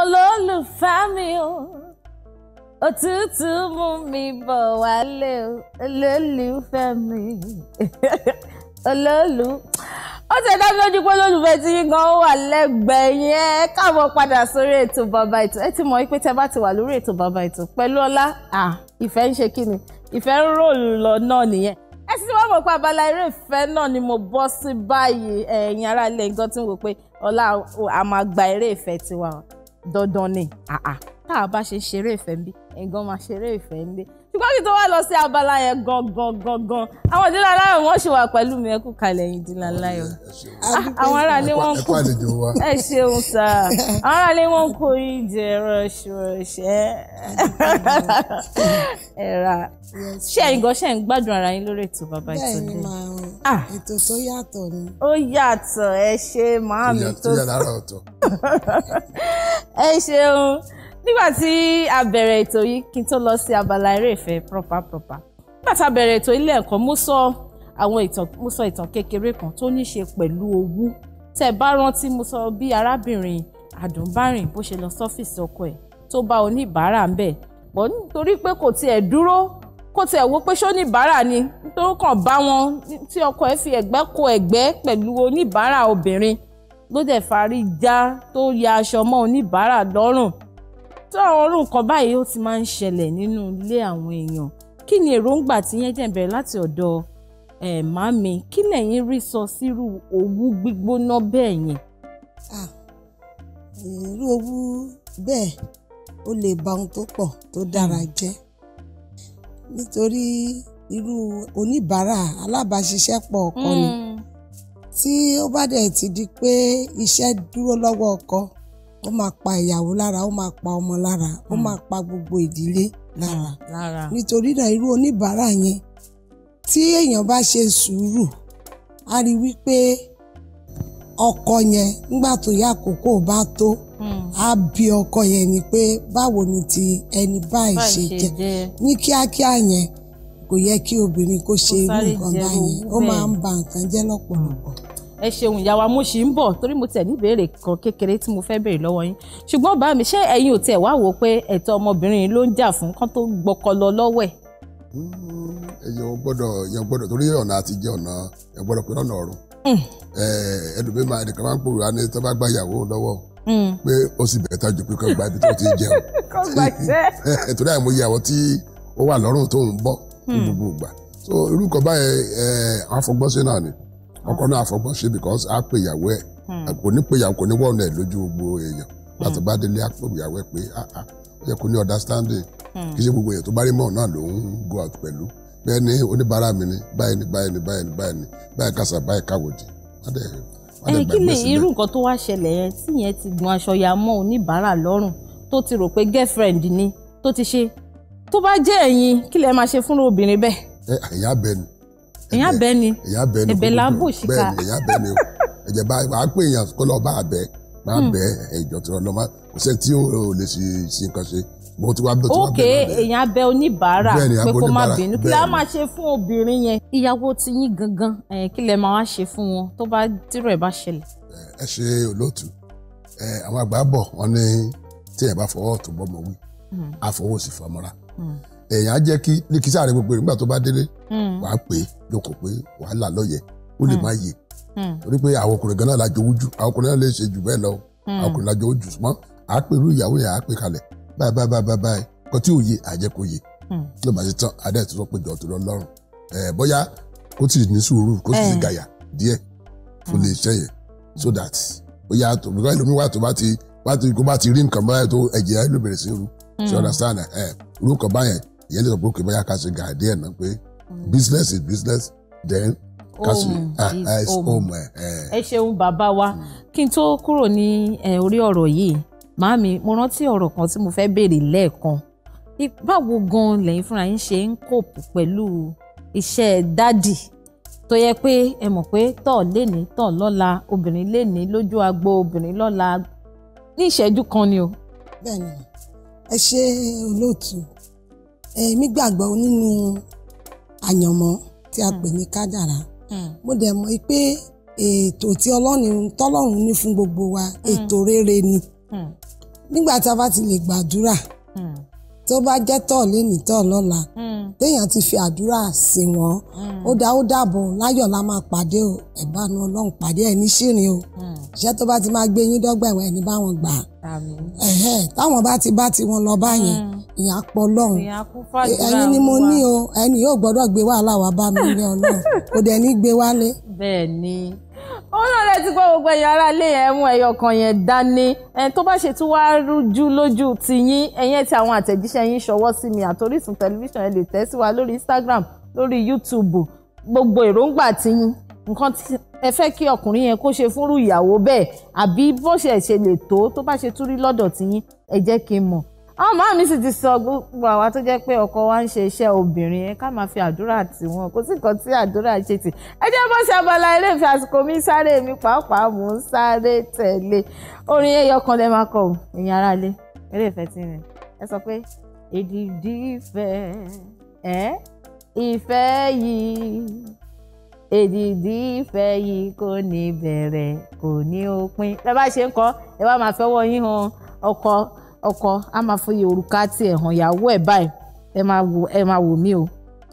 olólùfẹ́ mi o òtútù mú mi bọ̀ wálé o olólùfẹ́ mi olólù ó ti dá mi lójú pé olólùfẹ́ tí yín gan wà lẹ́gbẹ̀ẹ́ yẹn káàbọ̀ padà sórí ètò bàbá ètò ẹ ti mọ̀ pé tẹ bá ti wà lórí ètò bàbá ètò pẹ̀lú ọlá ìfẹ́ ń ṣe kí ni ìfẹ́ ń ròlù lọ náà nìyẹn ẹ sì wá mọ̀ pé abala eré ìfẹ́ náà ni mo bọ́ sí báyìí ẹ̀yin ará ilé nǹkan tí mo rò pé ọlá a máa gba eré ìfẹ́ tiwa dandan ni àà ah, ah. tá a bá ṣe ṣeré ìfẹ́ ń bí ẹ̀gán máa ṣeré ìfẹ́ ń ṣùgbọ́n kí tó wá lọ sí abala yẹn gangan gangan àwọn ìdílé aláyọ̀ wọ́n ṣe wà pẹ̀lú mi ẹ kú kalẹ̀ yìí ìdílé aláyọ̀ ah, àwọn aráalé wọn kò ẹ ṣeun sá àwọn aráalé wọn kò yí jẹ rọṣirọṣẹ ẹ̀ra ṣé ẹ̀yin gan ṣe ń gbádùn ara yín lórí ètò bàbá ìtọ́jú. Ah. ètò tó yàtọ̀ ni. ó yàtọ̀ ẹ ṣe màámi tó yà lára ọ̀tọ̀. ẹ ṣeun nígbà tí a bẹ̀rẹ̀ ètò yìí kí n tó lọ sí abala eré ìfẹ́ proper proper nígbà tá a bẹ̀rẹ̀ ètò ilé ẹ̀kọ́ mo sọ àwọn ìtàn mo sọ ìtàn kékeré kan tó ní ṣe pẹ̀lú owó tẹ́ bá rántí mo sọ bí arábìnrin àdùnbárìn bó ṣe lọ sọ́fíìsì ọkọ ẹ̀ tó bá oníbàárà ń bẹ̀ pọ̀ nítorí pé kò tiẹ̀ dúró kó tiẹ̀ wo pé ṣóníbàárà ni nítorí kàn bá wọn tí ọkọ ẹ̀ fi ẹ̀gbẹ́ kó ẹ̀gbẹ́ pẹ̀lú oníbàárà obìnrin ló dẹ̀ fari já tó ya aṣọ mọ́ oníbàárà lọ́rùn tó àwọn orú nǹkan báyìí ó ti máa ń ṣẹlẹ̀ nínú ilé àwọn èèyàn kí ni èròǹgbà tí yẹn jẹ̀ bẹ̀rẹ̀ láti ọ̀dọ̀ ẹ̀ màmí kí lẹ́yìn rí sọ sírú owú gbígbóná bẹ́ẹ̀ yẹn. irú owú bẹ́ẹ̀ ó lè ba ohun tó pọ̀ tó dára jẹ́. Mm nítorí irú oníbàárà alábàáṣiṣẹ́pọ̀ ọkọ ni hmm. tí ó bá dẹ̀ ti di pé iṣẹ́ dúró lọ́wọ́ ọkọ ó máa pa ìyàwó lára ó máa pa ọmọ lára ó hmm. máa pa gbogbo ìdílé lára nítorí náà irú oníbàárà yẹn tí èèyàn bá ṣe sùúrù á rí wípé ọkọ yẹn nígbà tó yá àkókò bá tó. a bi ọkọ yẹn ni pé báwo ni ti ẹni báyìí ṣe jẹ ní kíákíá yẹn kò yẹ kí obìnrin kó ṣe irú nǹkan báyẹn ó máa ń ba nǹkan jẹ lọ́pọ̀lọpọ̀. ẹ ṣeun ìyá wa mo ṣì ń bọ̀ torí mo tẹ̀ ní kan kékeré tí mo béèrè lọwọ yín ṣùgbọn bá mi ṣé ò wá wò ó pé ẹ̀tọ́ ọmọbìnrin ló ń jà fún kán tó lọ́wọ́ hmm, torí ọ̀nà ọ̀nà Hmm. pé ó sì bẹ̀rẹ̀ tájú pé gba ibi tó ti jẹun torí àìmọye àwọn tí ó wà lọ́rùn tó ń hmm. gbogbo ìgbà so irú nǹkan báyẹn náà ni ọkọ náà because a pè ìyàwó ẹ̀ hmm. kò ní pè ìyàwó kò ní wọ́n ẹ̀ lójú gbogbo èèyàn láti bá délé a pè ìyàwó ẹ̀ pé ah, ah, ó yẹ kó ní understanding ṣe gbogbo ni oníbàárà mi ni báyìí ni báyìí ni báyìí ni báyìí ni báyìí báyìí ẹ kí ni irú nǹkan tó wá ṣẹlẹ̀ yẹn tí yẹn ti gun aṣọ ya mọ́ oníbàárà lọ́rùn tó ti rò pé girlfriend ni tó ti ṣe tó bá jẹ́ ẹ̀yin kí lẹ máa ṣe fún obìnrin bẹ́ẹ̀. ẹ ẹ̀yà bẹ́ẹ̀ ni. ẹ̀yà bẹ́ẹ̀ ni ẹ̀bẹ̀ láàbò ṣìkà. bẹ́ẹ̀ ni ẹ̀yà bẹ́ẹ̀ ni ẹ̀jẹ̀ bá a pè yàn kó lọ bá a hmm. bẹ́ẹ̀ máa bẹ́ẹ̀ ẹ̀jọ̀ tí wọ́n lọ máa kò sẹ́ni tí ó lè ṣe nǹkan ṣe mo ti wá bẹ tí wá bẹ náà bẹ. ok èèyàn abẹ oníbàárà pé kó má bínú kí lè á máa ṣe fún obìnrin yẹn ìyàwó ti yín gangan kí lè máa wá ṣe fún wọn tó bá dírò ẹ bá ṣẹlẹ̀. ẹ ṣe olóòtú àwọn àgbà bọ̀ wọ́n ní tí ẹ bá fọwọ́ tó bọ́ mọ̀ wí àfọwọ́ hmm. sì fọmọ́ra hmm. èèyàn á jẹ́ kí ní kí sáré gbogbo nígbà tó bá délé hmm. wàá pè é jókòó pé wàá là lọ́yẹ̀ ó lè má yè torí pé àwọn ọkùnrin gan náà la jowú jù àwọn ọkùnrin náà lè ṣe jù bẹ́ẹ̀ lọ àwọn ọkùnrin la jowú jù ṣùgbọ́n àá pè irú ìyàwó yẹn àá pè kalẹ̀ báyìí báyìí báyìí báyìí kò tí ò yé àjẹkò yé ló hmm. bá ti tán adé tó sọ pé jọ tó lọ lọ́rùn bóyá kó sì ní sùúrù kó sì eh. gàyà díẹ̀ fún hmm. lè ṣe yẹn hmm. so that bóyá tó bí wọ́n lómi wà tó bá ti bá ti kó bá ti rí nǹkan báyìí tó ẹ̀jẹ̀ ẹ̀ ló bẹ̀rẹ̀ sí ru ṣe understand ẹ̀ eh, eh, irú nǹkan báyẹn ìyẹn lè sọ pé kò bóyá ká ṣe gàyà díẹ̀ náà pé business is business then home ah, is ah, home. ẹ ṣeun bàbá wa kí n tó kúrò ní orí ọ̀rọ̀ yìí màámi mo rántí ọ̀rọ̀ kan tí mo fẹ́ béèrè lẹ́ẹ̀kan báwo gan lẹ́yìn fúnra yín ṣe ń kòpù pẹ̀lú iṣẹ́ dádì tó yẹ pé ẹ mọ̀ pé tọ̀ léni tọ̀ lọ́la obìnrin léni lójú agbo obìnrin lọ́la ní ìṣẹ́jú kan ni o. bẹ́ẹ̀ni ẹ ṣe olóòtú èmi gbàgbọ́ nínú àyànmọ́ tí a pè ní kádàrá hmm. mo dẹ̀ mọ̀ pé ètò tí ọlọ́run ní fún gbogbo wa hmm. ètò rere ni. Hmm. nígbà tá a bá ti lè gbàdúrà hmm. tó bá jẹ́ tọ̀ lénìí tọ̀ lọ́la hmm. téèyàn ti fi àdúrà sí wọn ó dá ó dàbọ̀ láyọ̀ la máa pàdé o ẹ̀bánu ọlọ́run pàdé ẹ̀ ní ṣìrìn o iṣẹ́ tó bá ti máa gbé yín dọ́gba ẹ̀wẹ̀ ní báwọn gbà táwọn bá ti bá tiwọn lọ báyẹn ìyá pọ̀ lọ́run ẹ̀yin ni mo ní o ẹni yóò gbọ́dọ̀ gbé wàhálà wá bá mi ní ọlọ́run kò dẹ̀ ní gbé wálé. bẹ́ẹ̀ òun náà lè ti gbọ́ gbogbo ẹ̀yin ará ilé yẹn mú ẹyọ kan yẹn dání ẹ̀ tó bá ṣe tún wá rújú lójú tiyín ẹ̀yẹn ti àwọn àtẹ̀jíṣẹ́ yín ṣọwọ́ sí mi àti Orísun tẹlifíṣàn ẹ lè tẹ̀ sí wa lórí Instagram lórí YouTube gbogbo èròǹgbà tiyín nǹkan tí ẹ fẹ́ kí ọkùnrin yẹn kó ṣe fúnrú ìyàwó bẹ́ẹ̀ àbí bó ṣe lè tó tó bá ṣe tún rí lọ́dọ̀ tiyín ẹ jẹ́ kí n mọ̀ àwọn máa mi sì ti sọ gbogbo àwa tó jẹ́ pé ọkọ wa ń ṣe iṣẹ́ obìnrin yẹn ká máa fi àdúrà tì wọ́n kò sí nǹkan tí àdúrà ṣe tì ẹ jẹ́ bọ́ sí abala ilé ìfẹ́ àsìkò mi sáré mi pàápàá mò ń sáré tẹ̀lé orin ẹyọ kan lẹ́ máa kọ ò ìyẹn ara lé ilé ìfẹ́ tí rìn ẹ sọ pé èdìdì ìfẹ́ ẹ ìfẹ́ yìí èdìdì ìfẹ́ yìí kò ní bẹ̀rẹ̀ kò ní òpin ẹ bá ṣe ń kọ ẹ bá máa fẹ́wọ́ yín han ọkọ ọkọ á máa fòye òrùka tiẹ̀ hàn ìyàwó ẹ̀ báyìí ẹ máa wò mí o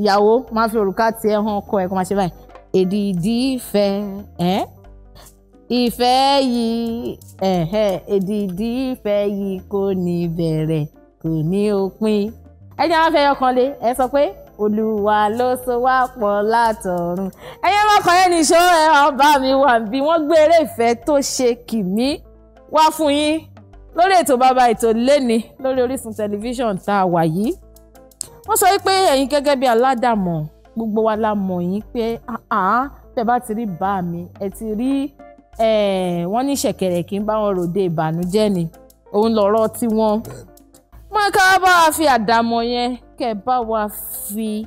ìyàwó máa fi òrùka tiẹ̀ hàn ọkọ ẹ̀ kó máa ṣe báyìí èdìdì ìfẹ́ ẹ̀ ìfẹ́ yìí ẹ̀hẹ́ èdìdì ìfẹ́ yìí kò ní bẹ̀rẹ̀ kò ní òpin ẹni àwọn afẹ́yọ kan lé ẹ sọ pé olùwà ló so wá pọ̀ látọ̀run ẹ̀yẹ́ mọ́kàn yẹn nìṣó ẹ̀ ọba mi wà bí wọ́n gbé eré ìfẹ́ tó ṣe kìmí lórí ètò bàbá ètò lẹ́ni lórí Orísun tẹlifíṣàn tá a wà yìí wọ́n sọ pé ẹ̀yin gẹ́gẹ́ bí aládàmọ̀ gbogbo wa la mọ̀ yín pé tẹ́ bá ti rí bá mi ẹ ti rí wọ́n ní ṣẹ̀kẹ̀rẹ̀ kí n bá wọn ròde ìbànújẹ́ ni òun lọ̀rọ̀ tí wọ́n máa ká bá wa fi àdàmọ̀ yẹn kẹ́ bá wa fi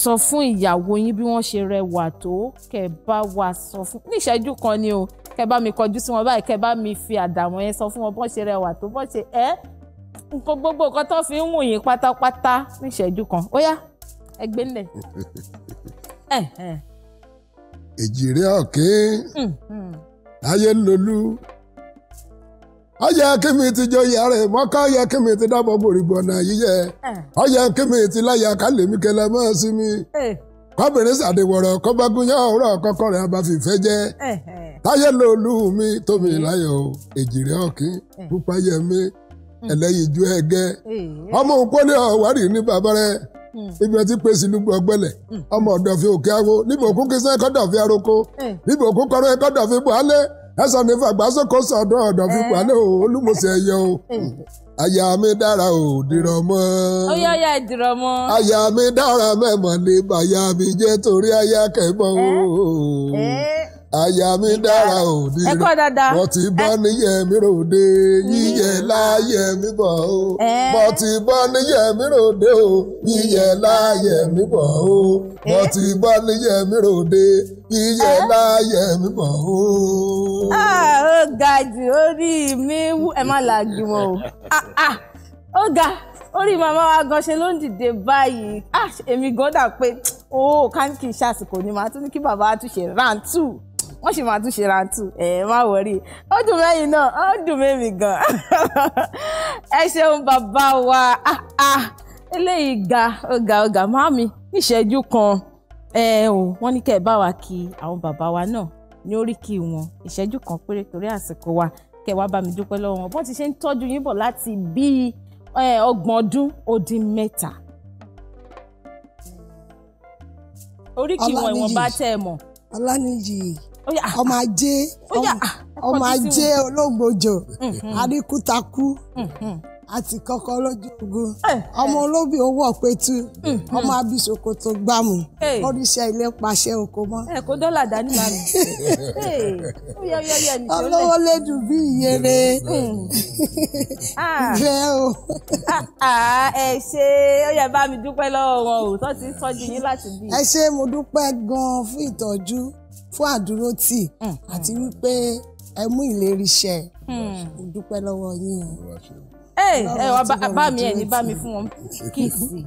sọ fún ìyàwó yín bí wọ́n ṣe rẹwà tó kẹ́ bá wa sọ fún níṣẹ́jú kan ni o kẹ bá mi kọjú sí wọn báyìí kẹ bá mi fi àdàmú yẹn sọ fún wọn bọ́n ṣe rẹwà tó bọ́n ṣe ẹ́ nǹkan gbogbo nǹkan tó fi ń wù yín pátápátá ní ìṣẹ́jú kan ó yá ẹ gbé nílẹ̀. èjìrè ọ̀kẹ́ hmm, hmm. ayé lolú ọyẹ kíni ti joyè ara ẹ mọkà ọyẹ kíni ti dábọ gbòrìgbò ọ̀nà yíyẹ ọyẹ kíni ti láyà kálẹ̀mí kẹlẹ́ mọ́ sí mi eh. kọ́bìnrin sàdéwọ̀rọ̀ kọ́bágúnyá ọ̀rọ̀ kọ́kọ́rẹ́ abáfífẹ́ jẹ́. táyé lolú mi tómi mm. láyọ̀ èjìrẹ́ ọ̀kín mm. púpá yẹmí mm. ẹlẹ́yinjú ẹgẹ́ ọmọ òkúlẹ̀ ọ̀wárì ní bàbá rẹ̀ ibi ẹ ti pè sí lùgbọ̀ gbẹlẹ̀ ọmọ ọ̀dọ̀ fi òkè awo níbo òkú kí sẹ́ kọ́dọ̀ fi aroko ní sọdọ fi o olúmọsẹ ẹyẹ o aya mi dara o ya torí aya o. Eh. Eh. àyà mi dára òde rẹ̀ mo ti bọ́ níyẹ̀ mi ròde yíyẹ láyẹ̀ mi bọ̀ o mo ti bọ́ níyẹ̀ mi ròde o yíyẹ láyẹ̀ mi bọ̀ o mo ti bọ́ níyẹ̀ mi ròde yíyẹ láyẹ̀ mi bọ̀ o. ó ga jù orí mi ẹ má làágì wọn o ah, ah, ó ga orí màmá wa gan ṣe ló ń dìde báyìí ah, èmi gan dà pé ó oh, kánkì ṣàsìkò ni màá tún ní kí bàbá àtúnṣe round two wọ́n sì máa tún ṣe rántù ẹ má wọrí ó dùn mẹ́yìn náà ó dùn mẹ́mi gan ẹ ṣeun bàbá wa ah, ah. eléyìí ga ọ̀gá ọ̀gá màmí níṣẹ́jú kan ẹ ò wọ́n ní kẹ́ ẹ bá wa kí àwọn bàbá wa náà ní oríkì wọn ìṣẹ́jú kan péré torí àsìkò wa kẹ́ ẹ wá bá mi dúpẹ́ lọ́wọ́ wọn bọ́n ti ṣe ń tọ́jú yín bọ̀ láti bíi ọgbọ̀n ọdún ó mẹ́ta oríkì wọn ìwọ̀nba tẹ́ ẹ mọ̀. Ọláníyì ọmọ ajé ọmọ ajé olóògbòjò àríkútakú mm-hmm. mm-hmm. àti kọkọ lójú ogun eh, eh. ọmọ olóbì owó ọpẹtù mm-hmm. ọmọ abisokoto tó gbàmù oríṣẹ eh. ilé pàṣẹ oko mọ. ẹ kó dọ́là dání bá mi. olówó lẹ́dùn bí mm. ah. ìyẹrẹ bẹ́ẹ̀ o. Ah, ah, ẹ ṣe ó yẹ bá mi dúpẹ́ lọ́wọ́ wọn o tó ti ń tọ́jú yín láti bí. ẹ ṣe mo dúpẹ́ gan-an fún ìtọ́jú fún àdúrótì mm. àti wípé ẹ mú ìlérí ṣẹ mm. mo dúpẹ́ lọ́wọ́ yín o. ẹ ẹ bá mi ẹ ní bá mi fún wọn kìsì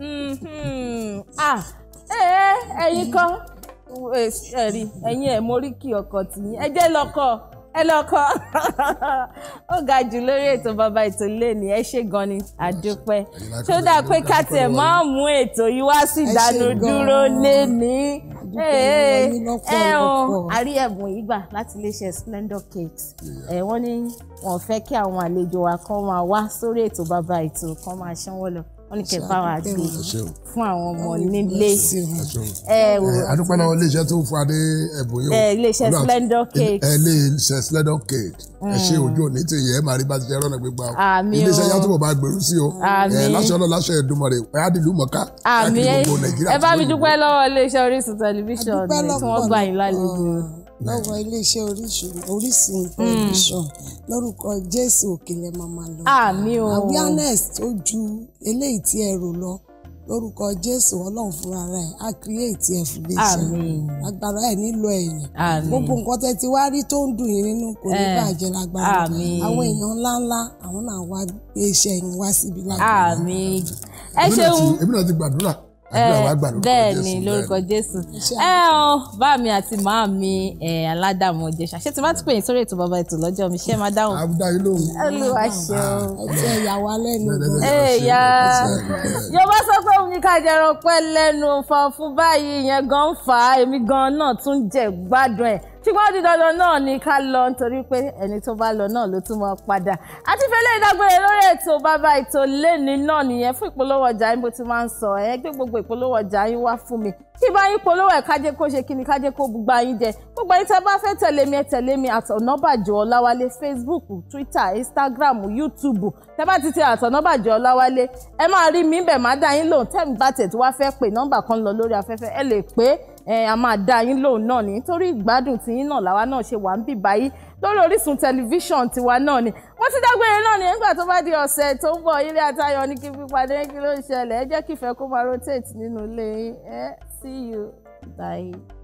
mm-hmm. ah, eh, ẹ̀yin kan eh, ẹ̀rí ẹ̀yin ẹ̀ moríkì ọkọ̀ tìyín ẹ jẹ́ lọ́kọ̀ ẹ lọ́kọ̀ ó ga jù lórí ètò bàbá ètò ilé ni ẹ ṣe gan ni àdúpẹ́ tó dáa pé ká tiẹ̀ máa mú ètò yìí wá sí ìdánudúró lé ní dúpẹ́ lọ́pọ̀ lọ́pọ̀. a rí ẹ̀bùn yìí gbà láti iléeṣẹ́ Splendor Cakes eh, wọ́n ní wọ́n fẹ́ kí àwọn àlejò wa kan máa wá sórí ètò bàbá ètò kan máa ṣánwó lọ wọ́n ní kẹ́ bá wa gbé fún àwọn ọmọ nílé ẹ wò. àdúpẹ́ náà iléeṣẹ́ tó fún adé ẹ̀bùn yìí o iléeṣẹ́ Splendor Cakes iléeṣẹ́ Splendor Cakes ẹ ṣe mm. ojú òní tí ìyẹn máa rí bá ti ṣe rọ́nà gbígbà o iléeṣẹ́ yàtọ̀ bọ̀ bá gbèrú sí o láṣọ ọlọ́ láṣọ Èdùmàrè ẹ̀ adìlú mọ̀ká káàkiri gbogbo Nàìjíríà. ẹ bá mi dúpẹ́ lọ́wọ́ iléeṣẹ́ Orísun tẹlifíṣàn tí wọ́n gbà yín lálejò lọ́wọ́ iléeṣẹ́ Orísun television hmm. lórúkọ Jésù òkèlè màmá lọ àmín o awareness tó ju eléyìí tí ẹ rò lọ lórúkọ Jésù Ọlọ́run fúnra rẹ̀ á create ẹ fún iléeṣẹ́ agbára ẹ nílò ẹ̀yìn gbogbo nǹkan tẹ́ ti wá rí tó ń dùn yín nínú kò ní eh. bàjẹ́ lágbára àwọn èèyàn ńláńlá àwọn náà wá iléeṣẹ́ yín wá síbi lágbára. ẹ ṣeun èmi náà ti gbàdúrà. Eh, bẹ́ẹ̀ ni lórúkọ jésù ẹ ọ eh, bá mi àti màá mi eh, aládàmú jésù àṣẹ tí wọ́n ti pè yín sórí ètò bàbá ètò lọ́jọ́ mi ṣé máa dáhùn. àbúdá yìí ló ń bọ̀ olúwa ṣeun. ẹtí ẹ̀yà wa lẹ́nu. ẹ̀yà yorùbá sọ pé òun ní ká jẹran pẹ́ lẹ́nu fọ fún báyìí ìyẹn gan fà á èmi gan náà tún jẹ gbádùn ẹ̀ ṣùgbọ́n ó di dandan náà ni ká lọ nítorí pé ẹni tó bá lọ náà ló tún máa padà àti fẹlẹ́ ìdágbére lórí ètò bàbá ètò lẹ́ni náà nìyẹn fún ìpolówó ọjà yín bó ti máa ń sọ ẹ gbé gbogbo ìpolówó ọjà yín wá fún mi kí bá yín polówó ẹ̀ kájé kó ṣe kí ni kájé kó gbogbo ayín jẹ gbogbo ẹni tẹ́ bá fẹ́ tẹ̀lé mi ẹ tẹ̀lé mi at Ọ̀nàbàjọ́ Ọláwálé Facebook Twitter Instagram YouTube tẹ́ bá ti tẹ at Ọ̀nàbàjọ́ Ọláwálé ẹ máa rí mi bẹ̀ má dá yín lóhùn tẹ́mi bá tẹ̀ tí wá fẹ́ pè nọ́mbà kan lọ lórí afẹ́fẹ́ ẹ lè pé ẹ a máa dá yín lóhùn náà ní nítorí ìgbádùn tiyín náà làwa náà ṣe wà ń bì báyìí lórí Orísun tẹlifíṣàn tiwa náà ni wọ́n ti dágbére náà ní nígbà tó bá di ọ̀sẹ̀ tó ń bọ̀ ilé atayọ̀ ní kí pípadé kí ló ń ṣẹlẹ̀ ẹ jẹ́ kí ìfẹ́ kó máa rotate nínú ilé yín ẹ see you bye.